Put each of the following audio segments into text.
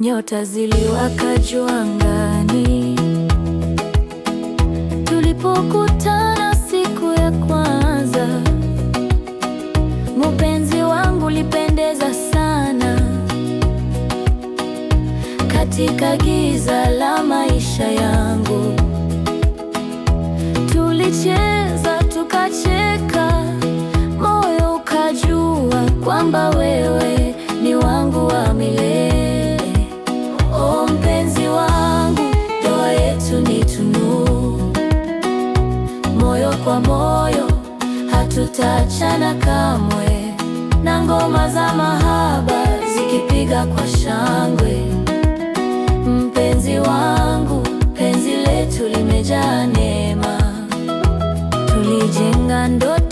Nyota ziliwaka juu angani tulipokutana siku ya kwanza. Mupenzi wangu lipendeza sana katika giza la maisha yangu. Tulicheza tukacheka, moyo ukajua kwamba wewe Sitaachana kamwe na ngoma za mahaba zikipiga kwa shangwe. Mpenzi wangu, penzi letu limejaa neema, tulijenga ndoto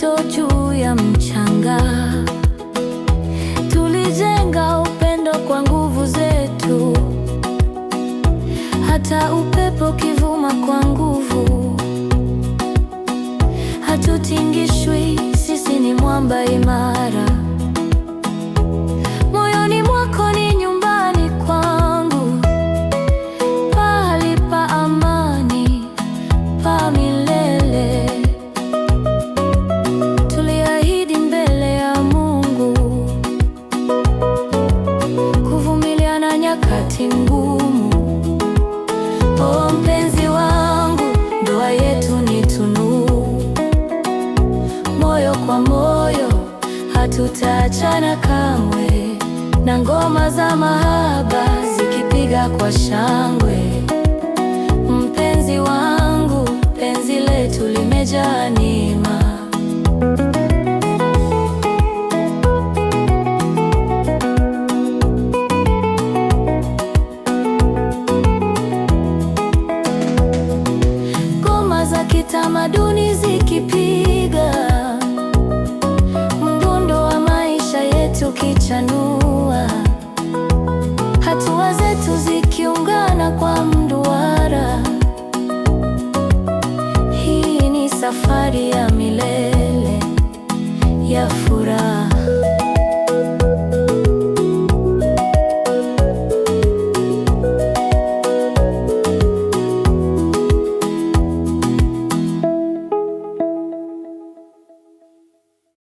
imara. Moyoni mwako ni nyumbani kwangu, pahali pa amani pa milele. Tuliahidi mbele ya Mungu kuvumilia na nyakati ngumu. Ombe hatutaachana kamwe, na ngoma za mahaba zikipiga kwa shangwe. Mpenzi wangu, penzi letu limejaa neema. Ngoma za kitamaduni zikipiga sana kwa mduara. Hii ni safari ya milele ya furaha.